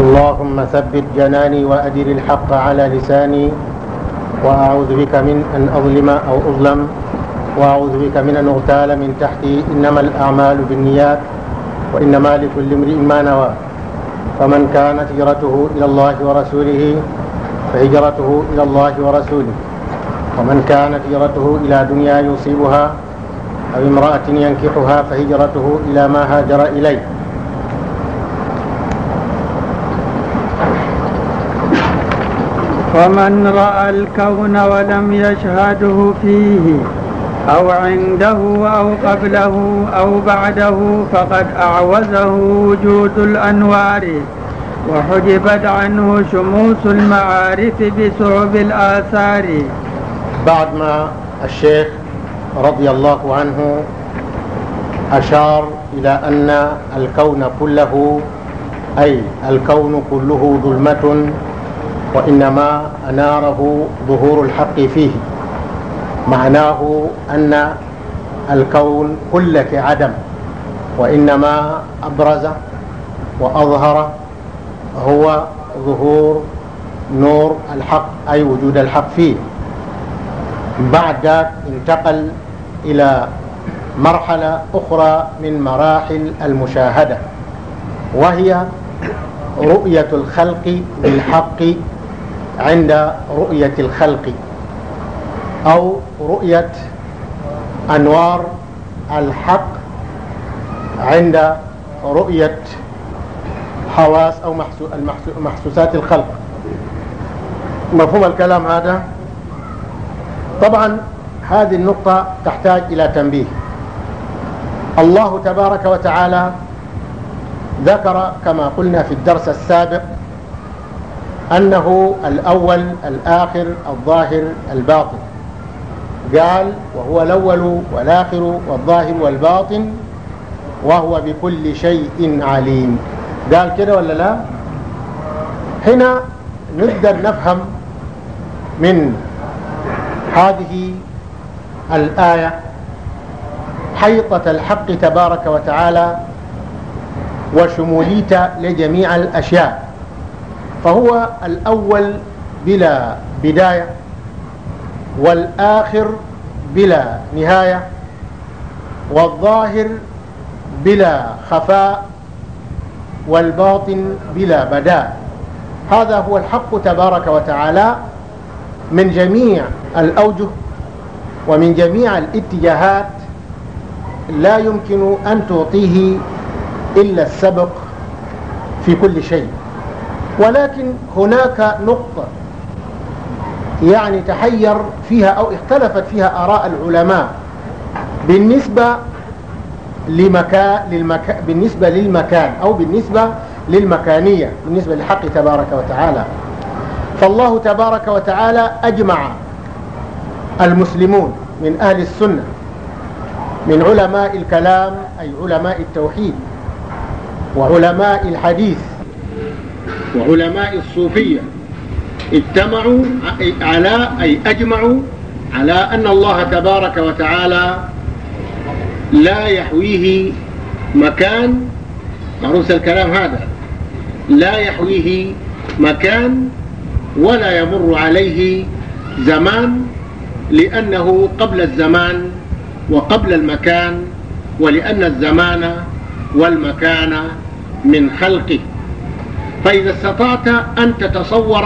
اللهم ثبت جناني وأدر الحق على لساني وأعوذ بك من أن أظلم أو أظلم وأعوذ بك من أن أغتال من تحتي إنما الأعمال بالنيات وإنما لكل امرئ ما نوى فمن كانت هجرته إلى الله ورسوله فهجرته إلى الله ورسوله ومن كانت هجرته إلى دنيا يصيبها أو امرأة ينكحها فهجرته إلى ما هاجر إليه ومن رأى الكون ولم يشهده فيه أو عنده أو قبله أو بعده فقد أعوزه وجود الأنوار وحجبت عنه شموس المعارف بصعب الآثار بعد ما الشيخ رضي الله عنه أشار إلى أن الكون كله أي الكون كله ظلمة وإنما أناره ظهور الحق فيه معناه أن الكون كل في عدم وإنما أبرز وأظهر هو ظهور نور الحق أي وجود الحق فيه بعد ذلك انتقل إلى مرحلة أخرى من مراحل المشاهدة وهي رؤية الخلق بالحق عند رؤية الخلق أو رؤية أنوار الحق عند رؤية حواس أو محسوسات الخلق مفهوم الكلام هذا طبعا هذه النقطة تحتاج إلى تنبيه الله تبارك وتعالى ذكر كما قلنا في الدرس السابق أنه الأول الآخر الظاهر الباطن قال وهو الأول والآخر والظاهر والباطن وهو بكل شيء عليم قال كده ولا لا هنا نقدر نفهم من هذه الآية حيطة الحق تبارك وتعالى وشموليته لجميع الأشياء فهو الأول بلا بداية والآخر بلا نهاية والظاهر بلا خفاء والباطن بلا بداء هذا هو الحق تبارك وتعالى من جميع الأوجه ومن جميع الاتجاهات لا يمكن أن تعطيه إلا السبق في كل شيء ولكن هناك نقطة يعني تحير فيها أو اختلفت فيها آراء العلماء بالنسبة لمكان للمكان بالنسبة للمكان أو بالنسبة للمكانية بالنسبة لحق تبارك وتعالى فالله تبارك وتعالى أجمع المسلمون من أهل السنة من علماء الكلام أي علماء التوحيد وعلماء الحديث وعلماء الصوفية اجتمعوا على أي أجمعوا على أن الله تبارك وتعالى لا يحويه مكان معروف الكلام هذا لا يحويه مكان ولا يمر عليه زمان لأنه قبل الزمان وقبل المكان ولأن الزمان والمكان من خلقه فإذا استطعت أن تتصور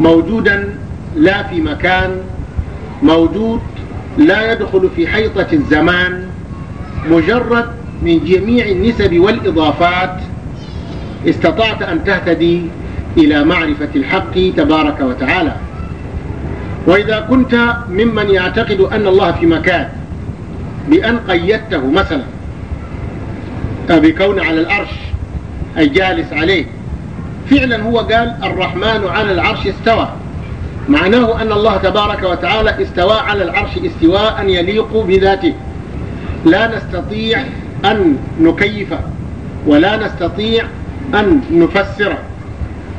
موجودا لا في مكان موجود لا يدخل في حيطة الزمان مجرد من جميع النسب والإضافات استطعت أن تهتدي إلى معرفة الحق تبارك وتعالى وإذا كنت ممن يعتقد أن الله في مكان بأن قيدته مثلا بكون على الأرش أي جالس عليه فعلا هو قال الرحمن على العرش استوى معناه أن الله تبارك وتعالى استوى على العرش استواء يليق بذاته لا نستطيع أن نكيف ولا نستطيع أن نفسره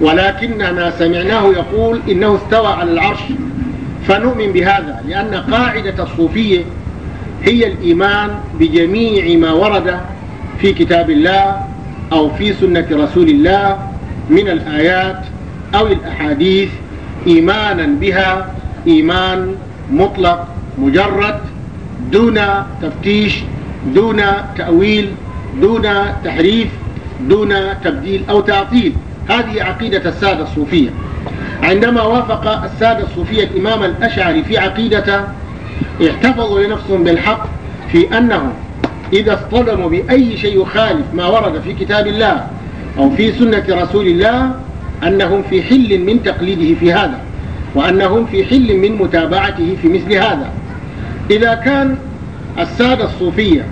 ولكننا سمعناه يقول إنه استوى على العرش فنؤمن بهذا لأن قاعدة الصوفية هي الإيمان بجميع ما ورد في كتاب الله أو في سنة رسول الله من الآيات أو الأحاديث إيمانا بها إيمان مطلق مجرد دون تفتيش دون تأويل دون تحريف دون تبديل أو تعطيل هذه عقيدة السادة الصوفية عندما وافق السادة الصوفية الإمام الأشعري في عقيدته احتفظوا لنفسهم بالحق في أنهم إذا اصطدموا بأي شيء يخالف ما ورد في كتاب الله أو في سنة رسول الله أنهم في حل من تقليده في هذا وأنهم في حل من متابعته في مثل هذا إذا كان السادة الصوفية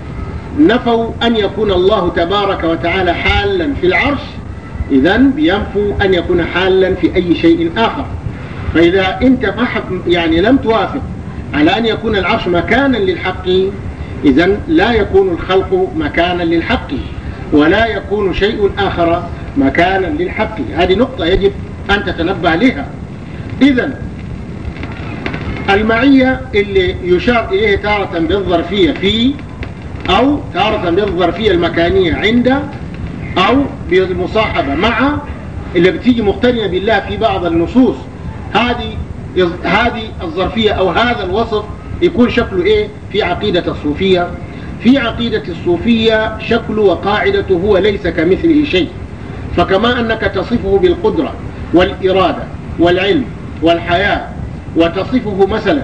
نفوا أن يكون الله تبارك وتعالى حالا في العرش إذا ينفوا أن يكون حالا في أي شيء آخر فإذا أنت يعني لم توافق على أن يكون العرش مكانا للحق إذا لا يكون الخلق مكانا للحق ولا يكون شيء آخر مكانا للحق هذه نقطة يجب أن تتنبه لها إذا المعية اللي يشار إليه تارة بالظرفية في أو تارة بالظرفية المكانية عند أو بالمصاحبة مع اللي بتيجي مقترنة بالله في بعض النصوص هذه هذه الظرفية أو هذا الوصف يكون شكله إيه في عقيدة الصوفية في عقيدة الصوفية شكل وقاعدة هو ليس كمثله شيء فكما أنك تصفه بالقدرة والإرادة والعلم والحياة وتصفه مثلا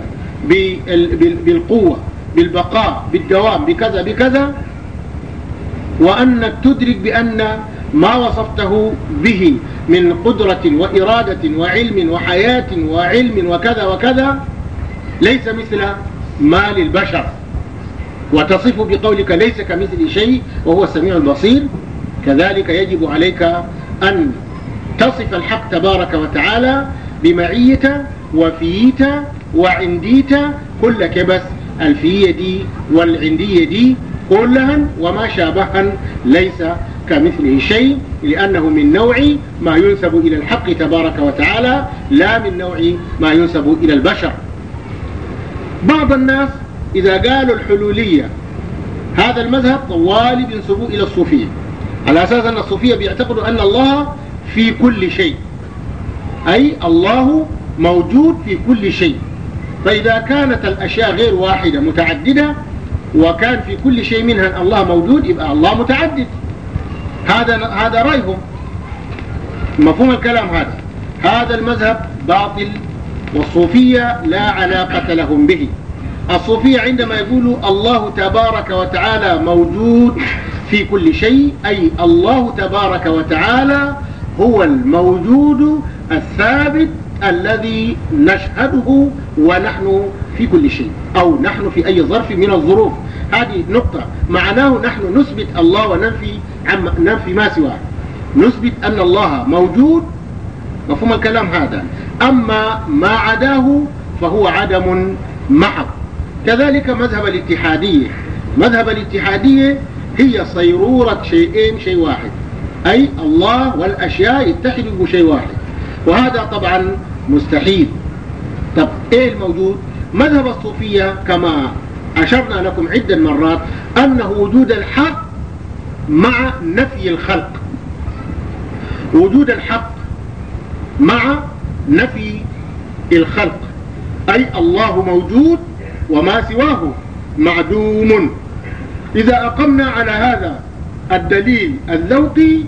بالقوة بالبقاء بالدوام بكذا بكذا وأنك تدرك بأن ما وصفته به من قدرة وإرادة وعلم وحياة وعلم وكذا وكذا ليس مثل ما للبشر وتصف بقولك ليس كمثل شيء وهو السميع البصير كذلك يجب عليك أن تصف الحق تبارك وتعالى بمعيت وفيت وعنديت كل كبس الفية دي والعندية دي كلها وما شابها ليس كمثله شيء لأنه من نوع ما ينسب إلى الحق تبارك وتعالى لا من نوع ما ينسب إلى البشر بعض الناس إذا قالوا الحلولية هذا المذهب طوالي بينسبوه إلى الصوفية على أساس أن الصوفية بيعتقدوا أن الله في كل شيء أي الله موجود في كل شيء فإذا كانت الأشياء غير واحدة متعددة وكان في كل شيء منها الله موجود يبقى الله متعدد هذا هذا رأيهم مفهوم الكلام هذا هذا المذهب باطل والصوفية لا علاقة لهم به الصوفية عندما يقولوا الله تبارك وتعالى موجود في كل شيء أي الله تبارك وتعالى هو الموجود الثابت الذي نشهده ونحن في كل شيء أو نحن في أي ظرف من الظروف هذه نقطة معناه نحن نثبت الله وننفي عن ننفي ما سواه نثبت أن الله موجود مفهوم الكلام هذا أما ما عداه فهو عدم محض كذلك مذهب الاتحادية مذهب الاتحادية هي صيرورة شيئين شيء واحد أي الله والأشياء يتحدوا بشيء واحد وهذا طبعا مستحيل طب إيه الموجود مذهب الصوفية كما أشرنا لكم عدة مرات أنه وجود الحق مع نفي الخلق وجود الحق مع نفي الخلق أي الله موجود وما سواه معدوم إذا أقمنا على هذا الدليل الذوقي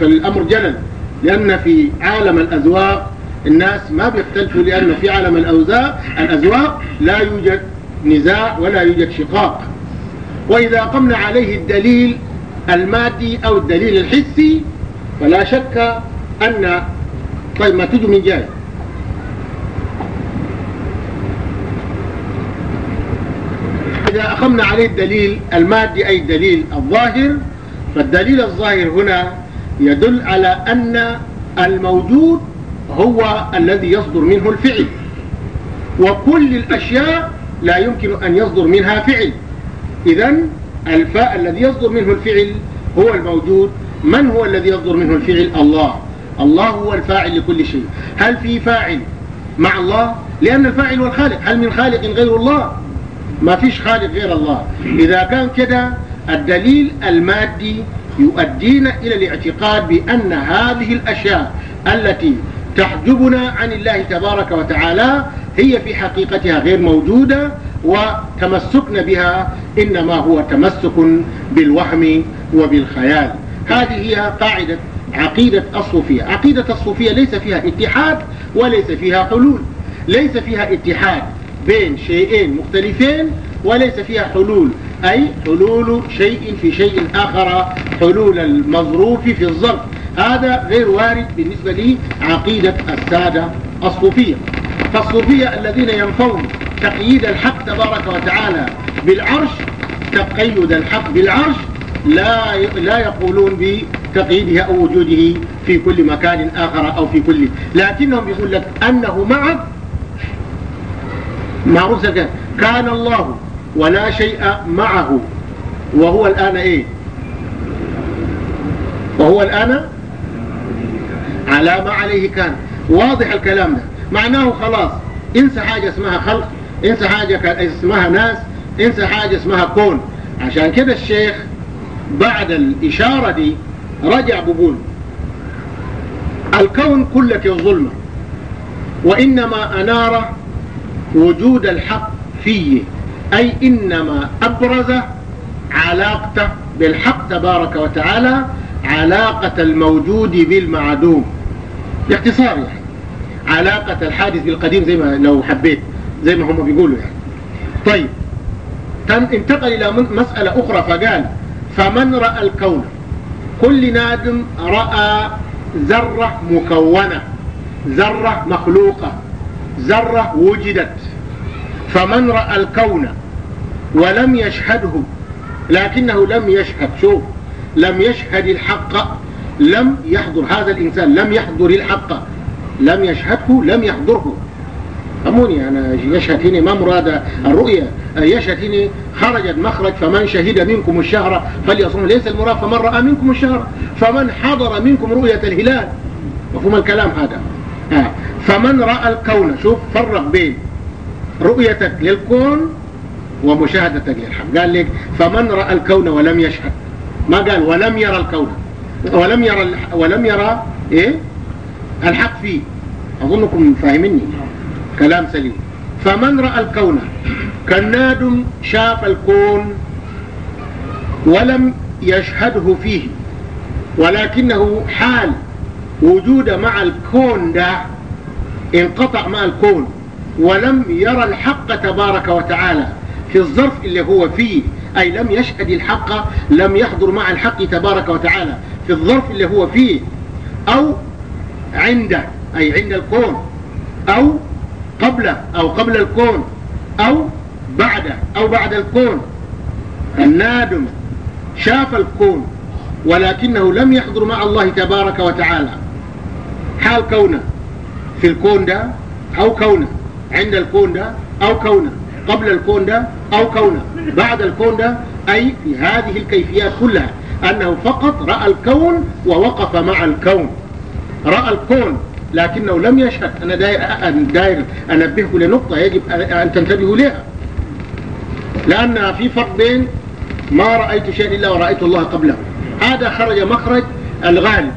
فالأمر جلل لأن في عالم الأذواق الناس ما بيختلفوا لأن في عالم الأوزاق الأذواق لا يوجد نزاع ولا يوجد شقاق وإذا قمنا عليه الدليل المادي أو الدليل الحسي فلا شك أن طيب ما تجوا من جاي إذا أقمنا عليه الدليل المادي أي الدليل الظاهر فالدليل الظاهر هنا يدل على أن الموجود هو الذي يصدر منه الفعل وكل الأشياء لا يمكن أن يصدر منها فعل إذا الفاء الذي يصدر منه الفعل هو الموجود من هو الذي يصدر منه الفعل الله الله هو الفاعل لكل شيء هل في فاعل مع الله لأن الفاعل هو الخالق هل من خالق غير الله ما فيش خالق غير الله إذا كان كده الدليل المادي يؤدينا إلى الاعتقاد بأن هذه الأشياء التي تحجبنا عن الله تبارك وتعالى هي في حقيقتها غير موجودة وتمسكنا بها إنما هو تمسك بالوهم وبالخيال هذه هي قاعدة عقيدة الصوفية عقيدة الصوفية ليس فيها اتحاد وليس فيها حلول ليس فيها اتحاد بين شيئين مختلفين وليس فيها حلول أي حلول شيء في شيء آخر حلول المظروف في الظرف هذا غير وارد بالنسبة لعقيدة السادة الصوفية فالصوفية الذين ينفون تقييد الحق تبارك وتعالى بالعرش تقيد الحق بالعرش لا لا يقولون بتقييده أو وجوده في كل مكان آخر أو في كل لكنهم يقول لك أنه معك ما أرسلك كان الله ولا شيء معه وهو الآن إيه وهو الآن على ما عليه كان واضح الكلام ده معناه خلاص انسى حاجة اسمها خلق انسى حاجة اسمها ناس انسى حاجة اسمها كون عشان كده الشيخ بعد الإشارة دي رجع بقول الكون كلك ظلمة وإنما أناره وجود الحق فيه أي إنما أبرز علاقته بالحق تبارك وتعالى علاقة الموجود بالمعدوم باختصار يعني علاقة الحادث بالقديم زي ما لو حبيت زي ما هم بيقولوا يعني طيب انتقل إلى مسألة أخرى فقال فمن رأى الكون كل نادم رأى ذرة مكونة ذرة مخلوقة ذرة وجدت فمن رأى الكون ولم يشهده لكنه لم يشهد شوف لم يشهد الحق لم يحضر هذا الإنسان لم يحضر الحق لم يشهده لم يحضره أموني أنا يشهد هنا ما مراد الرؤية يشهد هنا خرجت مخرج فمن شهد منكم الشهر فليصوم ليس المراد فمن رأى منكم الشهر فمن حضر منكم رؤية الهلال مفهوم الكلام هذا آه. فمن رأى الكون شوف فرق بين رؤيتك للكون ومشاهدتك للحق قال لك فمن رأى الكون ولم يشهد ما قال ولم يرى الكون ولم يرى ولم يرى ايه الحق فيه اظنكم فاهميني كلام سليم فمن رأى الكون كناد شاف الكون ولم يشهده فيه ولكنه حال وجود مع الكون ده انقطع مع الكون ولم يرى الحق تبارك وتعالى في الظرف اللي هو فيه أي لم يشهد الحق لم يحضر مع الحق تبارك وتعالى في الظرف اللي هو فيه أو عنده أي عند الكون أو قبله أو قبل الكون أو بعده أو بعد الكون النادم شاف الكون ولكنه لم يحضر مع الله تبارك وتعالى حال كونه في الكون ده أو كونه عند الكون ده أو كونه قبل الكون ده أو كونه بعد الكون ده أي في هذه الكيفيات كلها أنه فقط رأى الكون ووقف مع الكون رأى الكون لكنه لم يشهد أنا داير, داير أنبهه لنقطة يجب أن تنتبهوا لها لأن في فرق بين ما رأيت شيئا إلا ورأيت الله قبله هذا خرج مخرج الغالب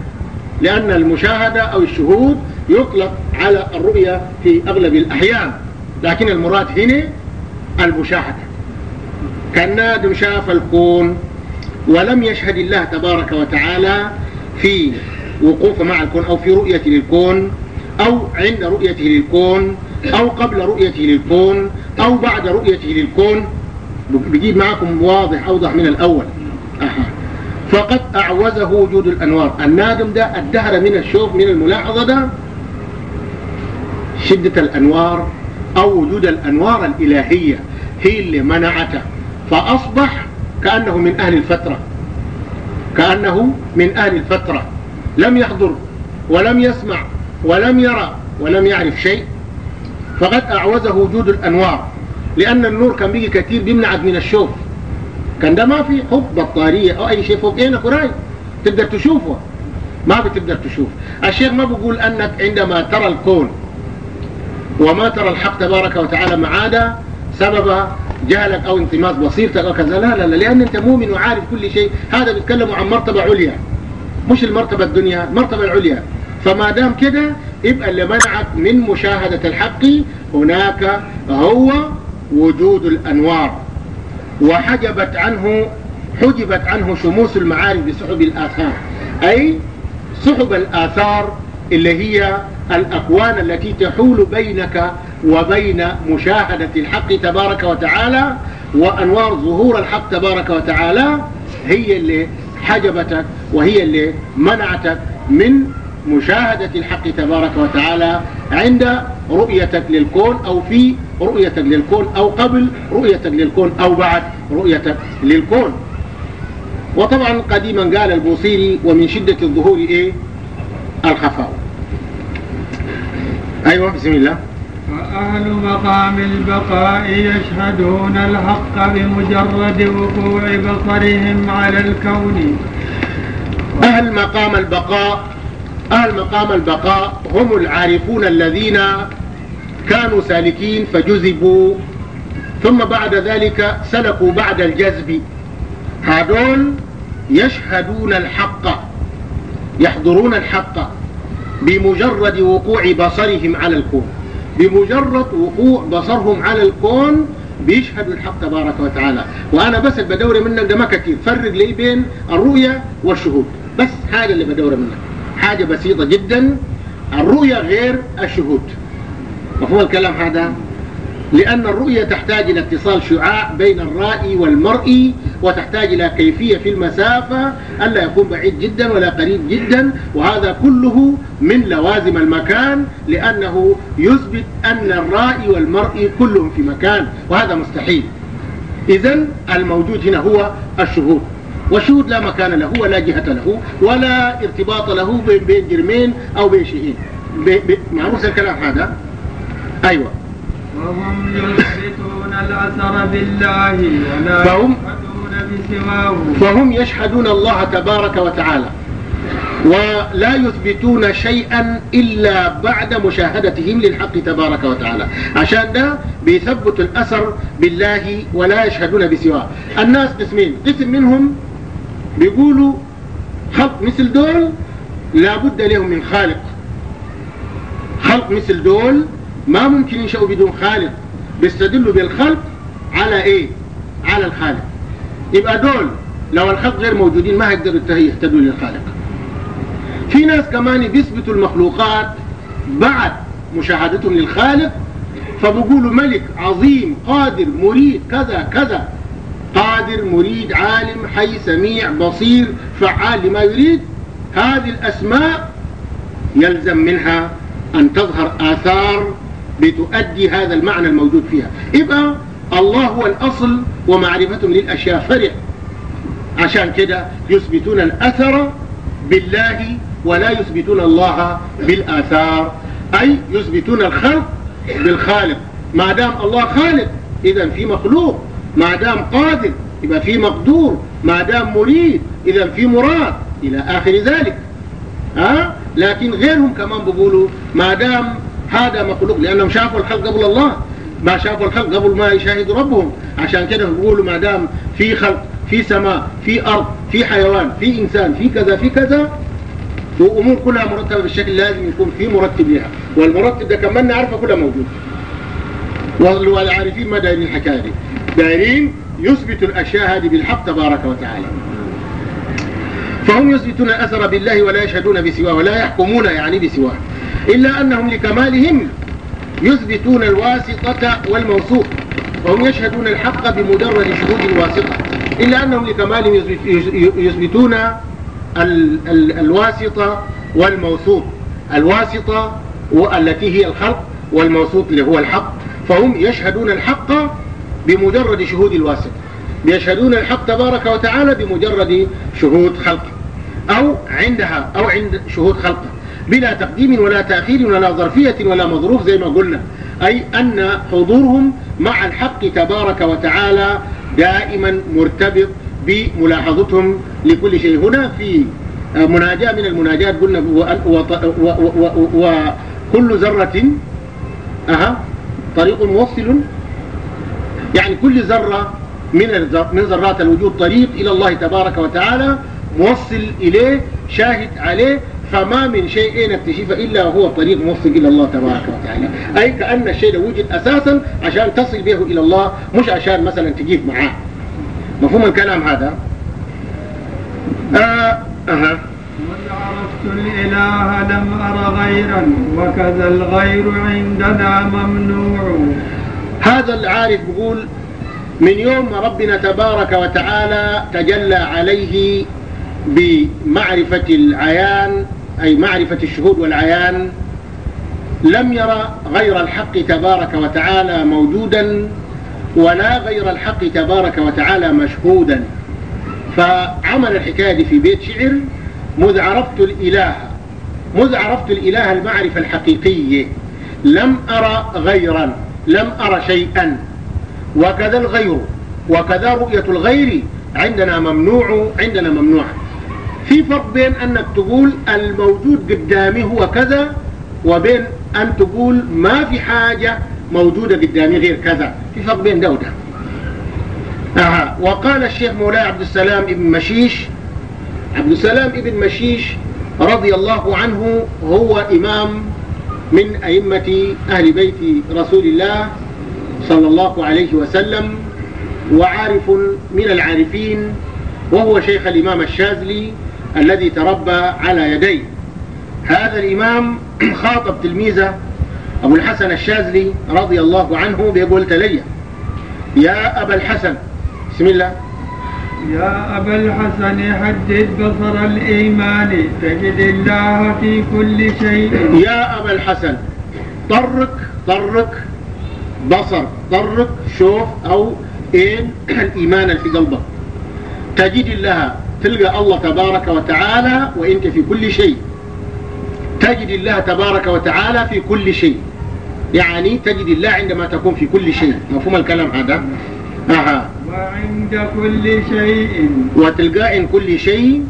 لأن المشاهدة أو الشهود يطلق على الرؤية في أغلب الأحيان لكن المراد هنا المشاهدة كالنادم شاف الكون ولم يشهد الله تبارك وتعالى في وقوفه مع الكون أو في رؤيته للكون أو عند رؤيته للكون أو قبل رؤيته للكون أو بعد رؤيته للكون بجيب معكم واضح أوضح من الأول أها. فقد أعوزه وجود الأنوار النادم ده الدهر من الشوق من الملاحظة ده شدة الأنوار أو وجود الأنوار الإلهية هي اللي منعته فأصبح كأنه من أهل الفترة كأنه من أهل الفترة لم يحضر ولم يسمع ولم يرى ولم يعرف شيء فقد أعوزه وجود الأنوار لأن النور كان بيجي كثير بيمنعك من الشوف كان ده ما في حب بطارية أو أي شيء فوق عينك وراي تقدر تشوفه ما بتقدر تشوف الشيخ ما بيقول أنك عندما ترى الكون وما ترى الحق تبارك وتعالى معادا سبب جهلك أو انتماس بصيرتك أو كذا لا لا لا لأن أنت مؤمن وعارف كل شيء هذا بيتكلموا عن مرتبة عليا مش المرتبة الدنيا المرتبة العليا فما دام كده يبقى اللي منعك من مشاهدة الحق هناك هو وجود الأنوار وحجبت عنه حجبت عنه شموس المعارف بسحب الآثار أي سحب الآثار اللي هي الأكوان التي تحول بينك وبين مشاهدة الحق تبارك وتعالى وأنوار ظهور الحق تبارك وتعالى هي اللي حجبتك وهي اللي منعتك من مشاهدة الحق تبارك وتعالى عند رؤيتك للكون أو في رؤيتك للكون أو قبل رؤيتك للكون أو بعد رؤيتك للكون وطبعا قديما قال البوصيري ومن شدة الظهور إيه الخفاء أيوة بسم الله فأهل مقام البقاء يشهدون الحق بمجرد وقوع بصرهم على الكون أهل مقام البقاء أهل مقام البقاء هم العارفون الذين كانوا سالكين فجذبوا ثم بعد ذلك سلكوا بعد الجذب هذول يشهدون الحق يحضرون الحق بمجرد وقوع بصرهم على الكون بمجرد وقوع بصرهم على الكون بيشهدوا الحق تبارك وتعالى وانا بس اللي بدور منك ده ما كتير فرق لي بين الرؤية والشهود بس حاجة اللي بدور منك حاجة بسيطة جدا الرؤية غير الشهود مفهوم الكلام هذا لأن الرؤية تحتاج إلى اتصال شعاع بين الرائي والمرئي وتحتاج إلى كيفية في المسافة ألا يكون بعيد جدا ولا قريب جدا وهذا كله من لوازم المكان لأنه يثبت أن الرائي والمرئي كلهم في مكان وهذا مستحيل إذا الموجود هنا هو الشهود والشهود لا مكان له ولا جهة له ولا ارتباط له بين جرمين أو بين شيئين معروف الكلام هذا أيوه وهم يثبتون الأثر بالله ولا فهم يشهدون بسواه فهم يشهدون الله تبارك وتعالى ولا يثبتون شيئا إلا بعد مشاهدتهم للحق تبارك وتعالى عشان ده بيثبت الأثر بالله ولا يشهدون بسواه الناس قسمين قسم منهم بيقولوا خلق مثل دول لابد لهم من خالق خلق مثل دول ما ممكن ينشأوا بدون خالق بيستدلوا بالخلق على ايه على الخالق يبقى دول لو الخلق غير موجودين ما هيقدروا يهتدوا للخالق في ناس كمان بيثبتوا المخلوقات بعد مشاهدتهم للخالق فبقولوا ملك عظيم قادر مريد كذا كذا قادر مريد عالم حي سميع بصير فعال لما يريد هذه الأسماء يلزم منها أن تظهر آثار لتؤدي هذا المعنى الموجود فيها يبقى الله هو الأصل ومعرفتهم للأشياء فرع عشان كده يثبتون الأثر بالله ولا يثبتون الله بالآثار أي يثبتون الخلق بالخالق ما دام الله خالق إذا في مخلوق ما دام قادر يبقى في مقدور ما دام مريد إذا في مراد إلى آخر ذلك ها لكن غيرهم كمان بيقولوا ما دام هذا مخلوق لأنهم شافوا الخلق قبل الله ما شافوا الخلق قبل ما يشاهدوا ربهم عشان كده بيقولوا ما دام في خلق في سماء في أرض في حيوان في إنسان في كذا في كذا وأمور كلها مرتبة بالشكل لازم يكون في مرتب لها والمرتب ده كمان نعرفه كلها موجود والعارفين ما دايرين الحكاية دي دايرين يثبت الأشياء هذه بالحق تبارك وتعالى فهم يثبتون الاثر بالله ولا يشهدون بسواه ولا يحكمون يعني بسواه إلا أنهم لكمالهم يثبتون الواسطة والموثوق وهم يشهدون الحق بمجرد شهود الواسطة إلا أنهم لكمالهم يثبتون الواسطة والموثوق الواسطة التي هي الخلق والموثوق اللي هو الحق فهم يشهدون الحق بمجرد شهود الواسطة يشهدون الحق تبارك وتعالى بمجرد شهود خلقه أو عندها أو عند شهود خلقه بلا تقديم ولا تأخير ولا ظرفية ولا مظروف زي ما قلنا أي أن حضورهم مع الحق تبارك وتعالى دائما مرتبط بملاحظتهم لكل شيء هنا في مناجاة من المناجات قلنا وكل ذرة أها طريق موصل يعني كل ذرة من من ذرات الوجود طريق إلى الله تبارك وتعالى موصل إليه شاهد عليه فما من شيء نكتشف إلا هو طريق موفق إلى الله تبارك وتعالى أي كأن الشيء ده وجد أساسا عشان تصل به إلى الله مش عشان مثلا تجيب معاه مفهوم الكلام هذا آه، أها قد عرفت الإله لم أر غيرا وكذا الغير عندنا ممنوع هذا العارف بيقول من يوم ما ربنا تبارك وتعالى تجلى عليه بمعرفة العيان أي معرفة الشهود والعيان لم يرى غير الحق تبارك وتعالى موجودا ولا غير الحق تبارك وتعالى مشهودا فعمل الحكاية دي في بيت شعر مذ عرفت الإله مذ عرفت الإله المعرفة الحقيقية لم أرى غيرا لم أرى شيئا وكذا الغير وكذا رؤية الغير عندنا ممنوع عندنا ممنوع في فرق بين انك تقول الموجود قدامي هو كذا وبين ان تقول ما في حاجة موجودة قدامي غير كذا في فرق بين ده وده آه. وقال الشيخ مولاي عبد السلام ابن مشيش عبد السلام ابن مشيش رضي الله عنه هو إمام من أئمة أهل بيت رسول الله صلى الله عليه وسلم وعارف من العارفين وهو شيخ الإمام الشاذلي الذي تربى على يديه هذا الإمام خاطب تلميذه أبو الحسن الشاذلي رضي الله عنه بيقول تليا يا أبا الحسن بسم الله يا أبا الحسن حدد بصر الإيمان تجد الله في كل شيء يا أبا الحسن طرق طرق بصر طرق شوف أو إيه الإيمان في قلبك تجد الله تلقى الله تبارك وتعالى وانت في كل شيء تجد الله تبارك وتعالى في كل شيء يعني تجد الله عندما تكون في كل شيء مفهوم الكلام هذا أها. وعند كل شيء وتلقاء كل شيء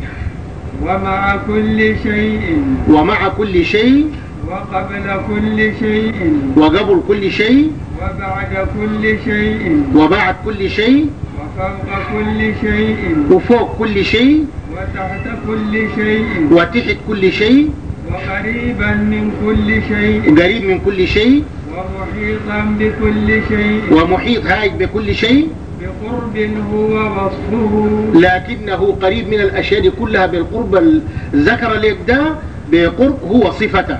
ومع كل شيء ومع كل شيء وقبل كل شيء وقبل كل شيء وبعد كل شيء وبعد كل شيء وفوق كل شيء وفوق كل شيء وتحت كل شيء وتحت كل شيء وقريبا من كل شيء قريب من كل شيء ومحيطا بكل شيء ومحيط هاي بكل شيء بقرب هو وصفه لكنه قريب من الأشياء كلها بالقرب ذكر لك ده بقرب هو صفته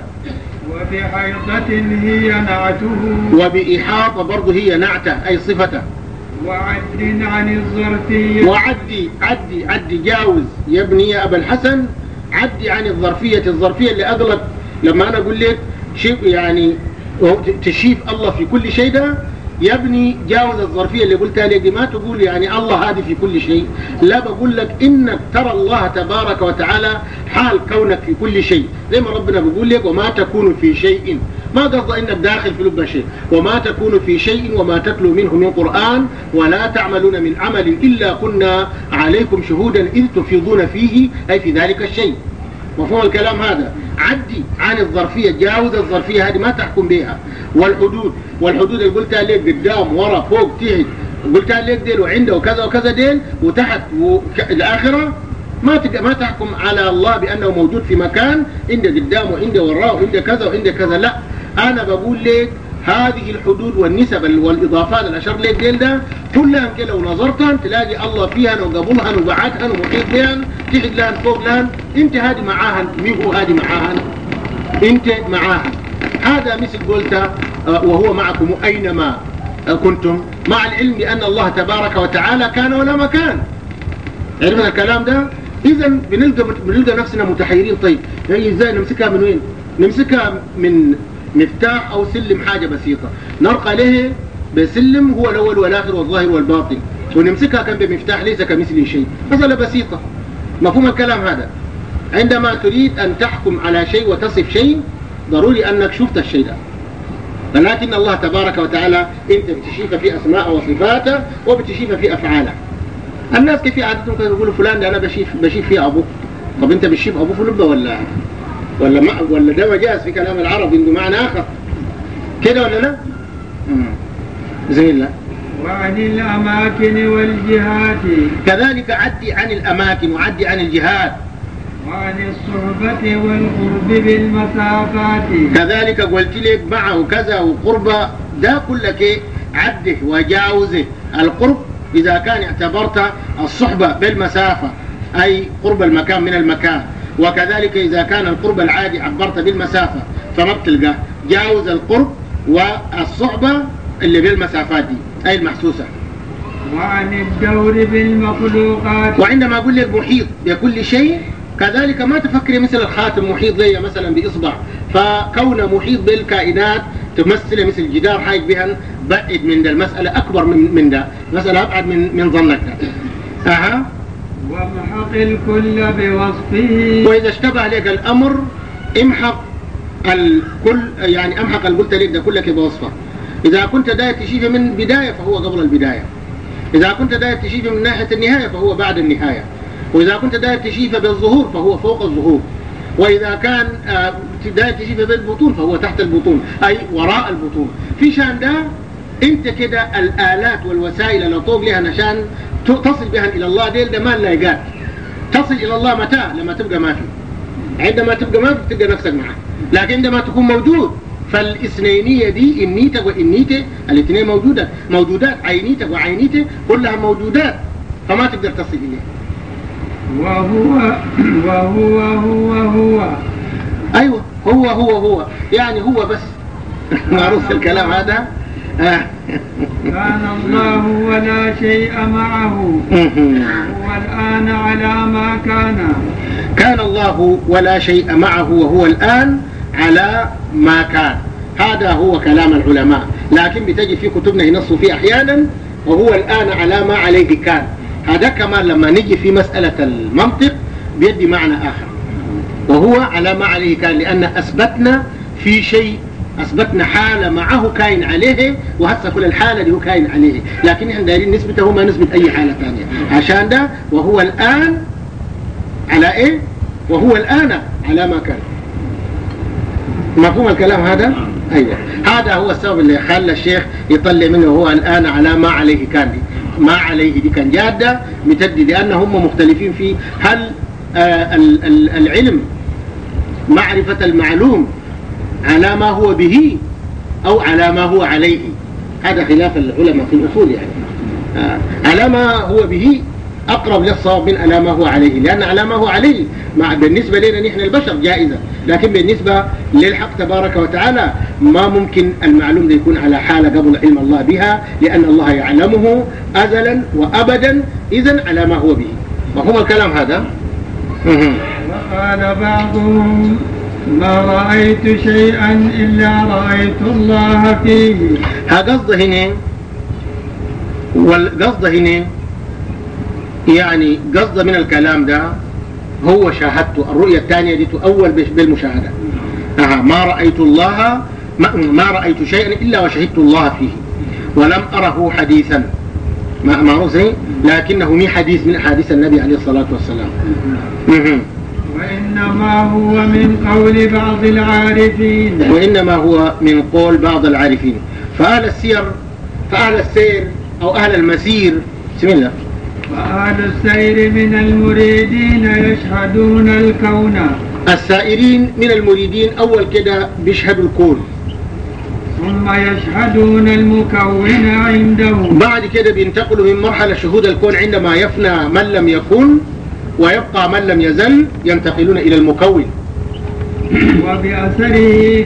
وبحيطة هي نعته وبإحاطة برضه هي نعته أي صفته وعد عن الظرفية وعدي عدي عدي جاوز يا ابني يا أبا الحسن عدي عن الظرفية الظرفية اللي أغلب لما أنا أقول لك شيء يعني تشيف الله في كل شيء ده يا ابني جاوز الظرفية اللي قلتها لي دي ما تقول يعني الله هادي في كل شيء لا بقول لك انك ترى الله تبارك وتعالى حال كونك في كل شيء زي ما ربنا بيقول لك وما تكون في شيء ما قصد انك داخل في لبنى شيء وما تكون في شيء وما تتلو منه من قرآن ولا تعملون من عمل إلا كنا عليكم شهودا إذ تفيضون فيه أي في ذلك الشيء مفهوم الكلام هذا عدي عن الظرفية جاوز الظرفية هذه ما تحكم بها والحدود والحدود اللي قلتها لك قدام ورا فوق تحت قلتها لك ديل وعنده وكذا وكذا ديل وتحت الآخرة ما ما تحكم على الله بأنه موجود في مكان عنده قدام وعنده وراه وعنده كذا وعنده كذا لا انا بقول لك هذه الحدود والنسب والاضافات اللي اشرت لك ديل ده كلها لو نظرتها تلاقي الله فيها وقبلها وبعدها ومحيط بها تحت لها فوق لها انت هذه معاها مين هو هذه معاها انت معاها هذا مثل قلت آه، وهو معكم اينما آه، كنتم مع العلم بان الله تبارك وتعالى كان ولا مكان عرفنا الكلام ده اذا بنلقى بنلقى نفسنا متحيرين طيب يعني ازاي نمسكها من وين نمسكها من مفتاح أو سلم حاجة بسيطة نرقى له بسلم هو الأول والآخر والظاهر والباطن ونمسكها كان بمفتاح ليس كمثله شيء مسألة بسيطة مفهوم الكلام هذا عندما تريد أن تحكم على شيء وتصف شيء ضروري أنك شفت الشيء ده ولكن الله تبارك وتعالى انت بتشيف في اسماءه وصفاته وبتشيف في افعاله الناس كيف عادتهم كانوا يقولوا فلان ده انا بشيف بشيف فيه ابوه طب انت بتشيف ابوه في لبه ولا ولا ما ولا ده مجاز في كلام العرب عنده معنى آخر كده ولا لا؟ زي الله وعن الأماكن والجهات كذلك عدي عن الأماكن وعدي عن الجهات وعن الصحبة والقرب بالمسافات كذلك قلت لك معه كذا وقربة ده كلك عده وجاوزه القرب إذا كان اعتبرت الصحبة بالمسافة أي قرب المكان من المكان وكذلك إذا كان القرب العادي عبرت بالمسافة فما بتلقاه جاوز القرب والصعبة اللي بالمسافات دي أي المحسوسة وعن الدور بالمخلوقات وعندما أقول لك محيط بكل شيء كذلك ما تفكري مثل الخاتم محيط زي مثلا بإصبع فكون محيط بالكائنات تمثل مثل جدار حاج بها بعد من ده المسألة أكبر من من ده مسألة أبعد من من ظنك أها وامحق الكل بوصفه وإذا اشتبه عليك الأمر امحق الكل يعني امحق الكل لك ده كلك بوصفه إذا كنت داير تشيفه من بداية فهو قبل البداية إذا كنت داير تشيفه من ناحية النهاية فهو بعد النهاية وإذا كنت داير تشيفه بالظهور فهو فوق الظهور وإذا كان آه، داير تشيفه بالبطون فهو تحت البطون أي وراء البطون في شان ده انت كده الالات والوسائل اللي طوب لها نشان تصل بها إلى الله ديل ده ما لنا قال تصل إلى الله متى لما تبقى ما في عندما تبقى ما في تلقى نفسك معه لكن عندما تكون موجود فالاثنينية دي النيتة وانيته الاثنين موجودة موجودات عينيتة وعينيتة كلها موجودات فما تقدر تصل إليها وهو وهو هو هو أيوة هو هو هو يعني هو بس معروف الكلام هذا آه كان الله ولا شيء معه وهو الآن على ما كان كان الله ولا شيء معه وهو الآن على ما كان هذا هو كلام العلماء لكن بتجي في كتبنا ينصوا فيه أحيانا وهو الآن على ما عليه كان هذا كمان لما نجي في مسألة المنطق بيدي معنى آخر وهو على ما عليه كان لأن أثبتنا في شيء اثبتنا حاله معه كاين عليه وهسه كل الحاله اللي هو كاين عليه لكن احنا دارين نثبته ما نثبت اي حاله ثانيه عشان ده وهو الان على ايه وهو الان على ما كان مفهوم الكلام هذا نعم. ايوه هذا هو السبب اللي خلى الشيخ يطلع منه هو الان على ما عليه كان دي. ما عليه دي كان جاده متدي لان هم مختلفين في هل آه العلم معرفه المعلوم على ما هو به أو على ما هو عليه هذا خلاف العلماء في الأصول يعني آه، على ما هو به أقرب للصواب من على ما هو عليه لأن على ما هو عليه مع بالنسبة لنا نحن البشر جائزة لكن بالنسبة للحق تبارك وتعالى ما ممكن المعلوم يكون على حالة قبل علم الله بها لأن الله يعلمه أزلا وأبدا إذا على ما هو به مفهوم الكلام هذا؟ وقال بعضهم ما رأيت شيئا إلا رأيت الله فيه ها قصد هنا والقصد هنا يعني قصد من الكلام ده هو شاهدته الرؤية الثانية دي تؤول بالمشاهدة أها ما رأيت الله ما, ما رأيت شيئا إلا وشهدت الله فيه ولم أره حديثا ما ما لكنه من حديث من أحاديث النبي عليه الصلاة والسلام وإنما هو من قول بعض العارفين وإنما هو من قول بعض العارفين فأهل السير فأهل السير أو أهل المسير بسم الله وأهل السير من المريدين يشهدون الكون السائرين من المريدين أول كده بيشهدوا الكون ثم يشهدون المكون عندهم بعد كده بينتقلوا من مرحلة شهود الكون عندما يفنى من لم يكن ويبقى من لم يزل ينتقلون إلى المكون وبأثره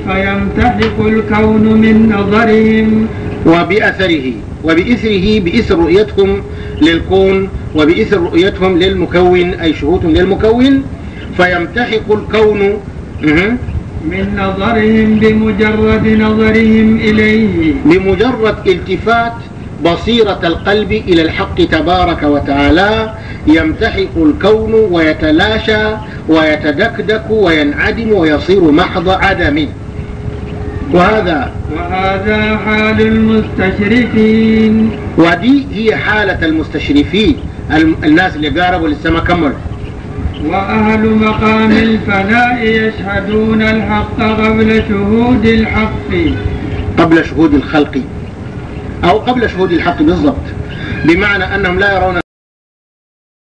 فيمتحق الكون من نظرهم وبأثره وبإثره بإثر رؤيتهم للكون وبإثر رؤيتهم للمكون أي شهوتهم للمكون فيمتحق الكون من نظرهم بمجرد نظرهم إليه بمجرد التفات بصيرة القلب إلى الحق تبارك وتعالى يمتحق الكون ويتلاشى ويتدكدك وينعدم ويصير محض عدم وهذا وهذا حال المستشرفين ودي هي حالة المستشرفين الناس اللي قاربوا لسه كملوا وأهل مقام الفناء يشهدون الحق قبل شهود الحق قبل شهود الخلق أو قبل شهود الحق بالضبط بمعنى أنهم لا يرون